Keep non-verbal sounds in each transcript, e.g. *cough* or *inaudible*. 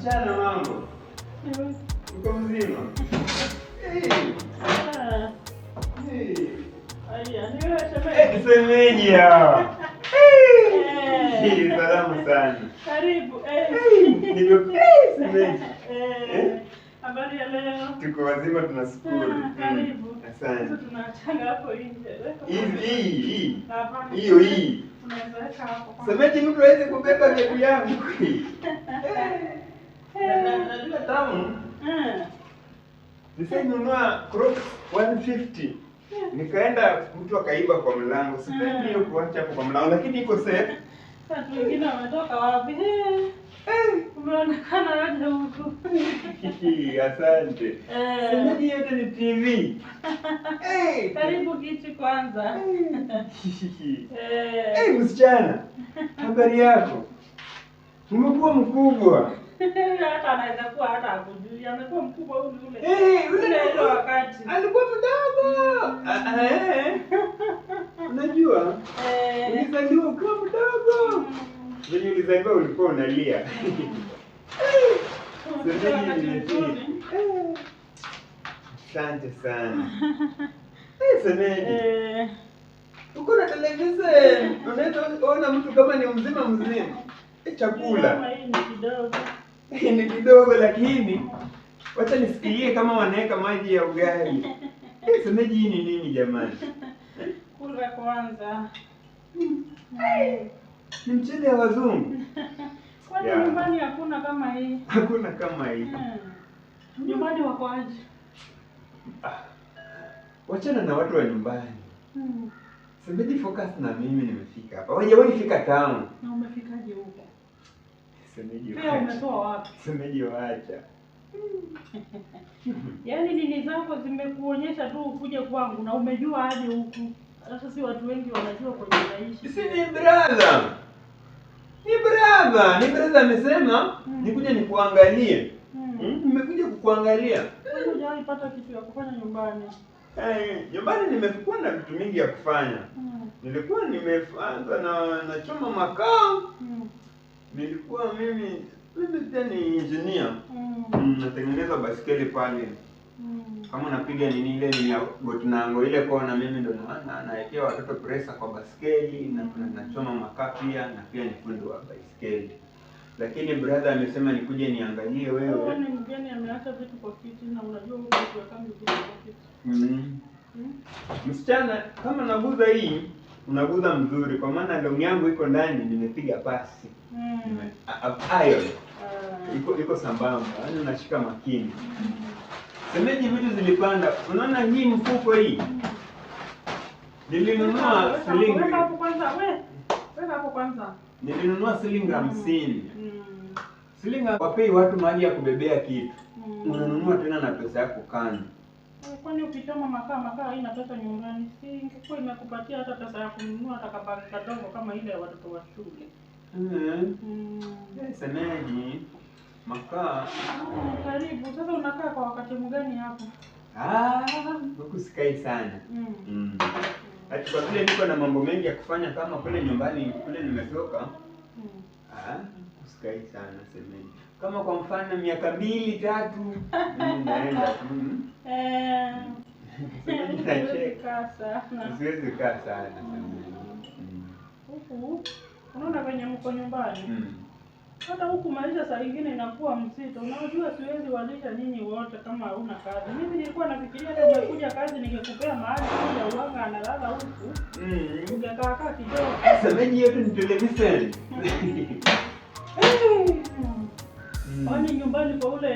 Msichana mambo. Uko mzima? Semeji hawa. Salamu sana. Karibu. Semeji. Eh? Habari ya leo. Tuko wazima tunashukuru. Ah, hmm, karibu. Asante. Tunachanga hapo nje. Hii hii. hiyo hii. Semeji mtu aweze kubeba ndugu yangu. *laughs* Najua mm. tamu. Mm. Nisenunua crocs 150. Nikaenda mtu akaiba kwa mlango. Sipendi hiyo mm. kuacha hapo kwa mlango lakini iko safe. Watu wengine wametoka wapi? *laughs* Eh, unaonekana huku. Asante. Sisi yote ni TV. *laughs* karibu kiti kwanza. *laughs* Eh, msichana. Habari yako? Umekuwa mkubwa hata anaweza eh, alikuwa mdogo. Mm. Eh, eh, unajua eh, ulizaliwa ukiwa mdogo mm. venye ulizaliwa ulikuwa unalia mm. *laughs* Asante sana. *laughs* Eh, Semedi. Eh. Uko na televisheni, *laughs* unaweza ona mtu kama ni mzima mzima. Chakula. Hii *laughs* ni kidogo, lakini wacha nisikie kama wanaweka maji ya ugali. Semeji hii ni nini jamani? Kula kwanza. Ni mchele wa wazungu. *laughs* Kwani nyumbani hakuna kama hii? Hakuna kama hii. Hmm. Nyumbani wako aje? Ah. Wachana na watu wa nyumbani. Hmm. Semeji, focus na mimi nimefika hapa. Wewe wewe fika town. Na umefikaje huko? Semeji pia umetoa wapi? Semeji *laughs* Yaani nini zako zimekuonyesha tu ukuje kwangu na umejua aje huku. Sasa si watu wengi wanajua kwenye naishi. Si ni brother. Ni brother, ni brother amesema mm. Nikuja nikuangalie. Hmm. Hmm? Nimekuja mm. kukuangalia. hujawahi pata kitu ya kufanya nyumbani. Eh, nyumbani nimekuwa na vitu mingi ya kufanya. Mm. Nilikuwa nimeanza na nachoma makaa. Hmm nilikuwa mimi mimi pia ni engineer mm. Mm, natengeneza basikeli pale mm. kama napiga nini ile ni Gotnango ile kona, mimi ndo naekea watoto presa kwa basikeli na mm. nachoma makaa pia na pia ni fundi wa basikeli lakini brother amesema nikuje niangalie wewe. ni mgeni ameacha vitu kwa kiti na unajua huko kwa kiti. Mm. Mm. Msichana kama naguza hii unaguza mzuri kwa maana longi yangu iko ndani nimepiga pasi. Mm. ayo mm. iko iko sambamba, yaani unashika makini. Semeji vitu zilipanda, unaona hii mfuko hii nilinunua shilingi nilinunua shilingi mm. hamsini shilingi wapei watu mali ya kubebea kitu, unanunua tena na pesa yako kando. Eh, kwani ukichoma makaa, makaa haina pesa nyumbani, si ingekuwa imekupatia hata pesa ya kununua hata kabaki kadogo kama ile ya watoto wa shule. Mm. Semeji makaa. Oh, karibu. Sasa unakaa kwa wakati mgani hapo? Ah, sana. Mm. mm. Ati kwa vile niko na mambo mengi ya kufanya kama kule nyumbani kule nimetoka. Mm. Ah, sana semeji. Kama kwa mfano miaka mbili tatu *laughs* naenda. Mm. Eh. Siwezi kaa sana. Huku unaona venye mko nyumbani mm. Hata huku maisha saa ingine inakuwa mzito, unajua siwezi walisha nyinyi wote kama hauna kazi. Mimi nilikuwa nafikiria hata ungekuja kazi ningekupea mahali kuja uanga analala huku hmm. ungekaa kaa kidogo. Sasa mimi yetu ni televisheni hmm. Hmm. kwani nyumbani kwa ule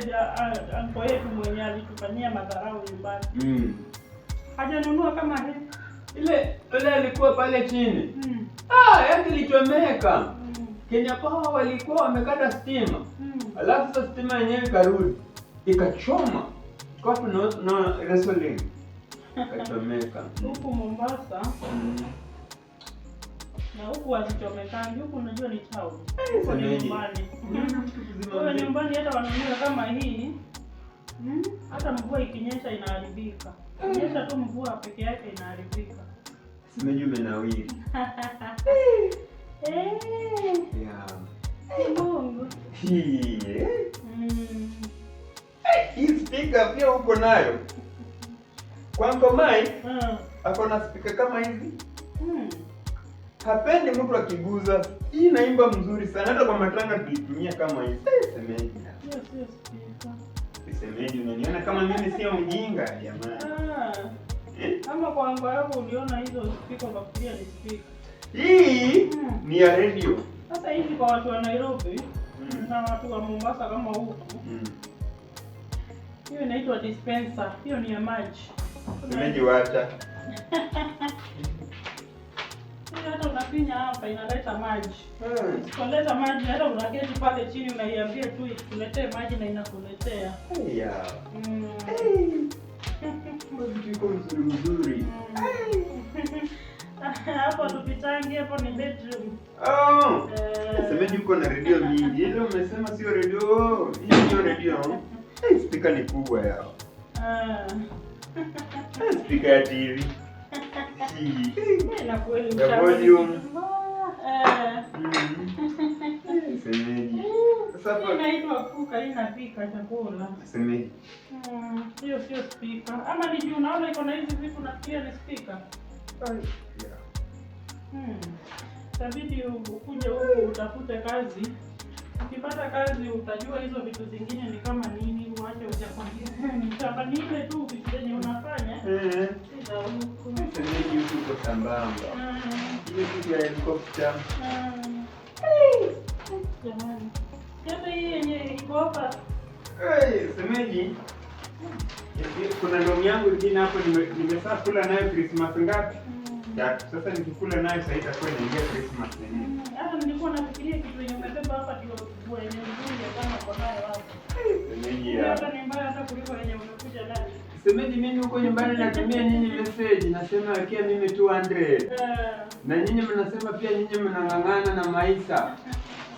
anko yetu mwenye alitufanyia madharau nyumbani mm. hajanunua kama hii ile ile alikuwa pale chini mm. Ah, yani Mm. Kenya Power walikuwa wamekata stima. Mm. Alafu sasa stima yenyewe ikarudi. Ikachoma. Kwa tu no, no wrestling. Ikachomeka. *laughs* Huku Mombasa. Mm. Na huku wasichomekani, huku unajua ni chao. Eh, nyumbani. *laughs* kwa nyumbani hata wanunua kama hii. Mm. Hata mvua ikinyesha inaharibika. Mm. Ikinyesha tu mvua peke yake inaharibika. Meju menawiri. *laughs* Eh. Hii eh. spika pia uko nayo kwangu mai mm. Ako na spika kama hivi mm. Hapendi mtu akiguza. Hii naimba mzuri sana, hata kwa matanga tulitumia kama hivi. Semeji, semeji, unaniona kama mimi sio mjinga jamani. Ah. Kama kwa ango yako uliona hizo spika ukafikiria ni speaker. Hii hmm, ni ya radio. Sasa hivi kwa watu wa Nairobi hmm, na watu wa Mombasa kama huku hmm, hiyo inaitwa dispenser. Hiyo ni ya maji. Umejiwacha. Hata unafinya hapa inaleta maji. Hmm. Ikoleta maji hata unaketi pale chini unaiambia tu ikuletee maji na inakuletea. Yeah. Mm. Hey. *laughs* kuna vitu iko mzuri mzuri *laughs* hapo tupitange hapo ni bedroom. Oh. Eh. Semeji uko na redio mingi. Ile umesema sio redio. Hii ndio redio. Hii eh, speaker ni kubwa yao. Ah. Eh, speaker ya TV. *laughs* Hii. Na kweli. Na volume. Eh. Mhm. *laughs* Naitwa kuka inapika chakula mm, hiyo, sio spika ama ni juu. Naona iko na hizi vitu, nafikiria ni spika. Hmm. Itabidi ukuje huku utafute kazi. Ukipata kazi utajua hizo vitu zingine ni kama nini, uache ujakwambia ni ile tu vitu zenye unafanya eh. sambamba hmm yuko Hey, semeji. Kuna ndomu yangu ingine hapo nimesaa kula nayo krismas ngapi? Mm. Ya, sasa nikikula nayo sasa itakuwa inaingia Christmas mm, yenyewe. Semeji mimi huko nyumbani natumia nyinyi message nasema wekea mimi 200. Eh. Na nyinyi mnasema pia nyinyi mnang'ang'ana na maisa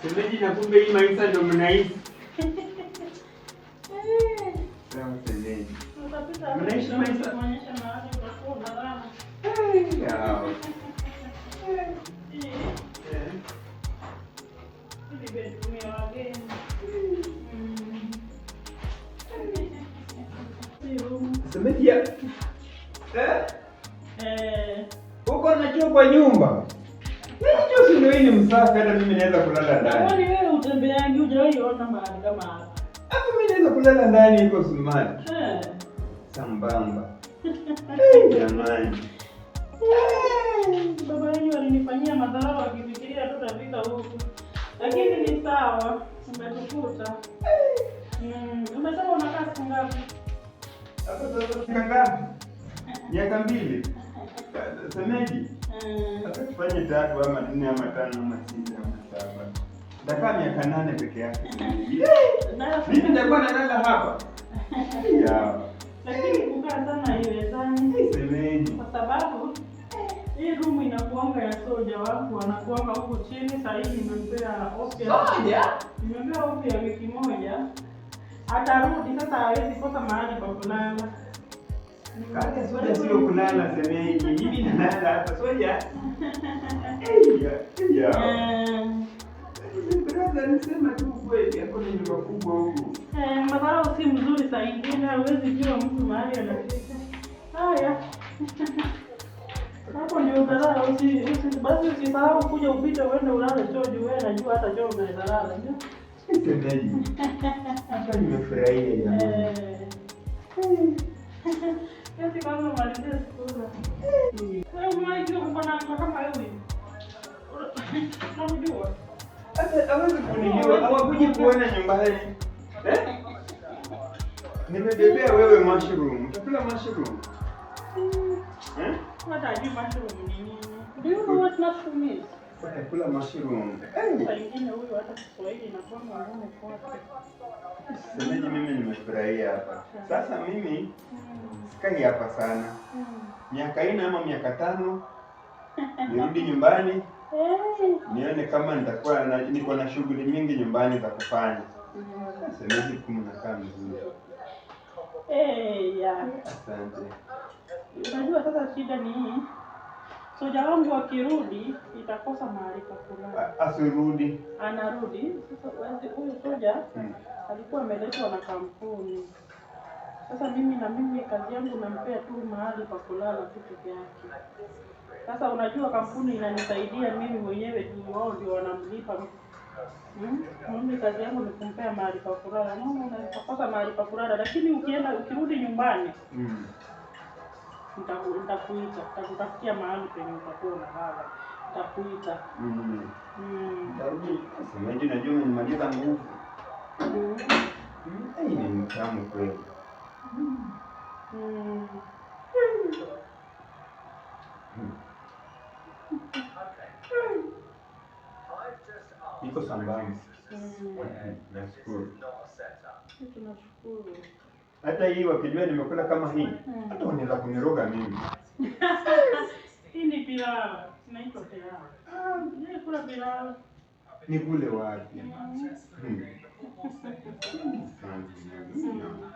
Semeji, na kumbe hii maisa ndo mnaishi. Pronto, gente. Não tá precisando. Nem chama essa. Não é chamada, eu vou acordar. Legal. Simetia. Eh? Eh. Uko na choo kwa nyumba. Mimi choo sio ni msafi hata mimi naweza kulala ndani. utembeaji hujaiona mahali kama hapa. Hapo mimi naweza kulala ndani iko simati eh. sambamba. *laughs* Jamani, eh, baba yenu walinifanyia madharau wakifikiria tutafika huku, lakini ni sawa, umetukuta. Mm, umesema unakaa siku ngapi? Ngapi? miaka mbili *laughs* semeji, eh. tufanye tatu ama nne ama tano ama sita ama saba Takaa miaka nane peke yake. *laughs* Mimi nitakuwa nalala hapa. *laughs* Ya. Lakini kukaa sana haiwezani. Semeni. Kwa sababu eh, hii room inakuanga ya soja wangu anakuanga huko chini, sasa hivi nimempea ofia. Soja? Nimempea ofia wiki moja. Atarudi sasa hawezi kosa mahali pa kulala. Kaka soja sio kulala semeni. Mimi nalala hapa soja. *laughs* Eh, yeah. Sasa tu kweli, hakuna nyumba kubwa huku. Eh, si mzuri saa ingine, hauwezi jua mtu mahali anafika. Haya. Hapo ndio dharau, usi basi usisahau kuja upite uende ulale choo juu wewe najua hata choo umedharau. Sitendi. Hata nimefurahia jamani. Eh. *laughs* Yaani malizia sikula. Eh. kama kama Unajua. Hata hawezi kunijua, hawakuji kuona nyumbani. Nimebebea wewe mushroom. Utakula mushroom? Eh? mushroom Semeji mimi nimefurahia hapa. Sasa mimi sikai hapa sana. Miaka ina ama miaka tano. Nirudi nyumbani nione kama nitakuwa na, niko na shughuli mingi nyumbani za kufanya Semeji kumi na kaa mzuri. Asante. Unajua sasa shida ni hii, soja wangu akirudi itakosa mahali pa kulala. Asirudi anarudi sasa. Huyu soja hmm, alikuwa ameletwa na kampuni sasa mimi na mimi kazi yangu nampea tu mahali pa kulala tu peke yake. Sasa unajua kampuni inanisaidia mimi mwenyewe juu wao ndio wanamlipa hmm? mimi. Hmm? Kazi yangu ni kumpea mahali pa kulala. Mama unapata mahali pa kulala, lakini ukienda ukirudi nyumbani mm. Nitakuita, nitakutafutia mahali penye utakuwa unalala, nitakuita hmm. Hmm. najua nimemaliza nguvu Ni mtamu kweli Iko sambamba. Hata hii wakijua nimekula kama hii, hmm. hata wanaweza kuniroga mimi. *laughs* Hii ni ni kula Ni kule wapi? Hmm. Hmm.